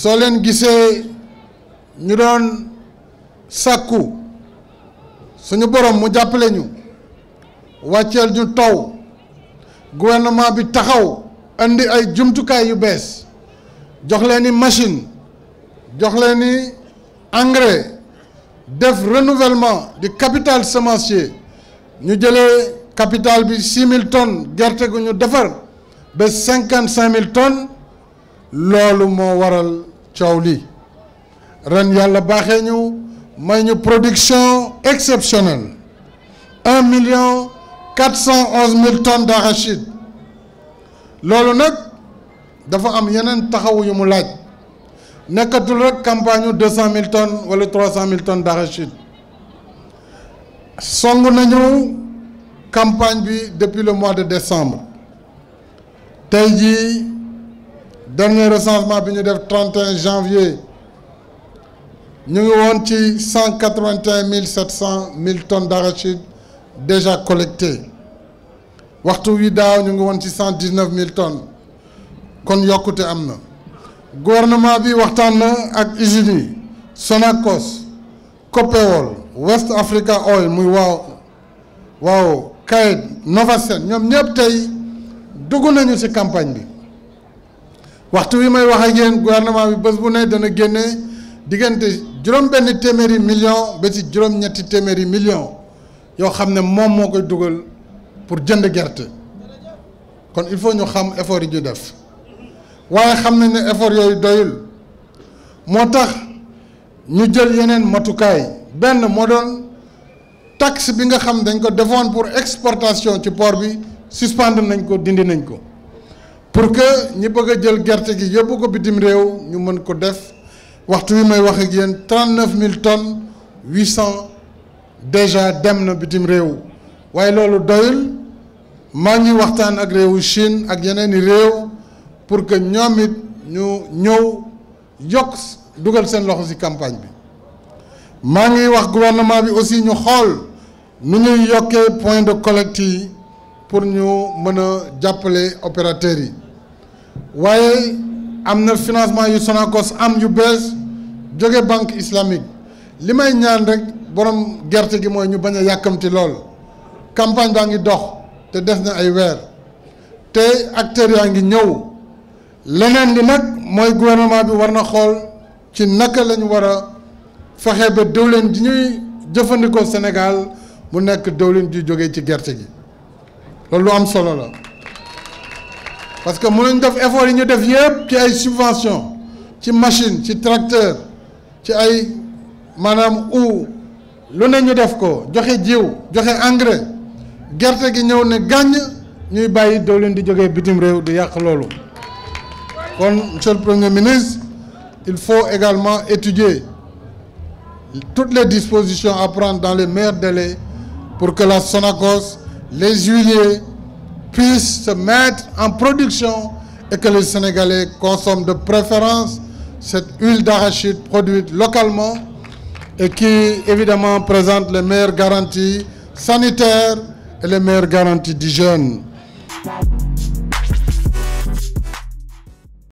so len gisee ñu doon sakku suñu borom mu jàppale ñu waccel ñu taw gouvernement bi taxaw andi ay kay yu bes jox leen ni machine jox leen ni engrais def renouvellement du capital semencier ñu jëlé capital bi 6000 tonnes gerté gu ñu défar ba 55000 tonnes lolu mo waral ciowli ren yalla baxé Nous may ñu production exceptionnelle 1 million 411 tonnes d'arachide lolu nak dafa am yenen où yu mu laaj nekatul rek campagne 200 000 tonnes wala 300 000 tonnes d'arachide avons nañu campagne depuis le mois de décembre tay ji dernier recensement le 31 janvier nous avons 181 700 000 tonnes d'arachide déjà collectées waxtu wi 119 tonnes kon yokkute amna. gouvernement bi Sonacos Copéol West Africa Oil muy Kaid, Kaed Novasen ñom ñep tay duggu nañu ci campagne waxtu wi may wax a génn gouvernement bi bés bu nee dana génne diggante juróom-benn téeméeri million ba ci juróom-ñetti téeméeri million yoo xam ne moom moo koy dugal pour jënd gerte kon il faut ñu xam effort yi ñu def waaye xam nañ ne effort yooyu doyul moo tax ñu jël yeneen matukaay benn moo doon taxe bi nga xam dañ ko defoon pour exportation ci port bi suspendre nañ ko dindi nañ ko. pour que ñi bëgg a jël gerte gi yóbbu ko bitim réew ñu mën ko def waxtu wi may wax ak yéen trente neuf mille tonnes huit cent déjà dem na bitim réew waaye loolu doyul maa ngi waxtaan ak réewu Chine ak yeneen i réew pour que ñoom it ñu ñëw yokk dugal seen loxo ci campagne bi maa ngi wax gouvernement bi aussi ñu xool nu ñuy yokkee point de collecte yi. pour ñu mën a jàppale opérateurs yi waaye am na financement yu Sonacos am yu bees jóge banque islamique li may ñaan rek borom gerte gi mooy ñu bañ a yàkkamti lool campagne baa ngi dox te des na ay weer te acteurs yaa ngi ñëw leneen li nag mooy gouvernement bi war na xool ci naka lañu war a fexe ba diwlin ji ñuy jëfandikoo Sénégal mu nekk diwlin ju jóge ci gerte gi loolu am solo la parce que mënuñ def effort yi ñu def yëpp ci ay subvention ci machine ci tracteur ci ay maanaam u lu ne ñu def ko joxe jiw joxe engrais gerte gi ñëw ne gàññ ñuy bàyyi leen di jógee bitim réew di yàq loolu kon monsieur le premier ministre il faut également étudier toutes les dispositions à prendre dans les meilleurs délais pour que la Sonacos les huiliers puissent se mettre en production et que les Sénégalais consomment de préférence cette huile d'arachide produite localement et qui évidemment présente les meilleures garanties sanitaires et les meilleures garanties d'hygiène.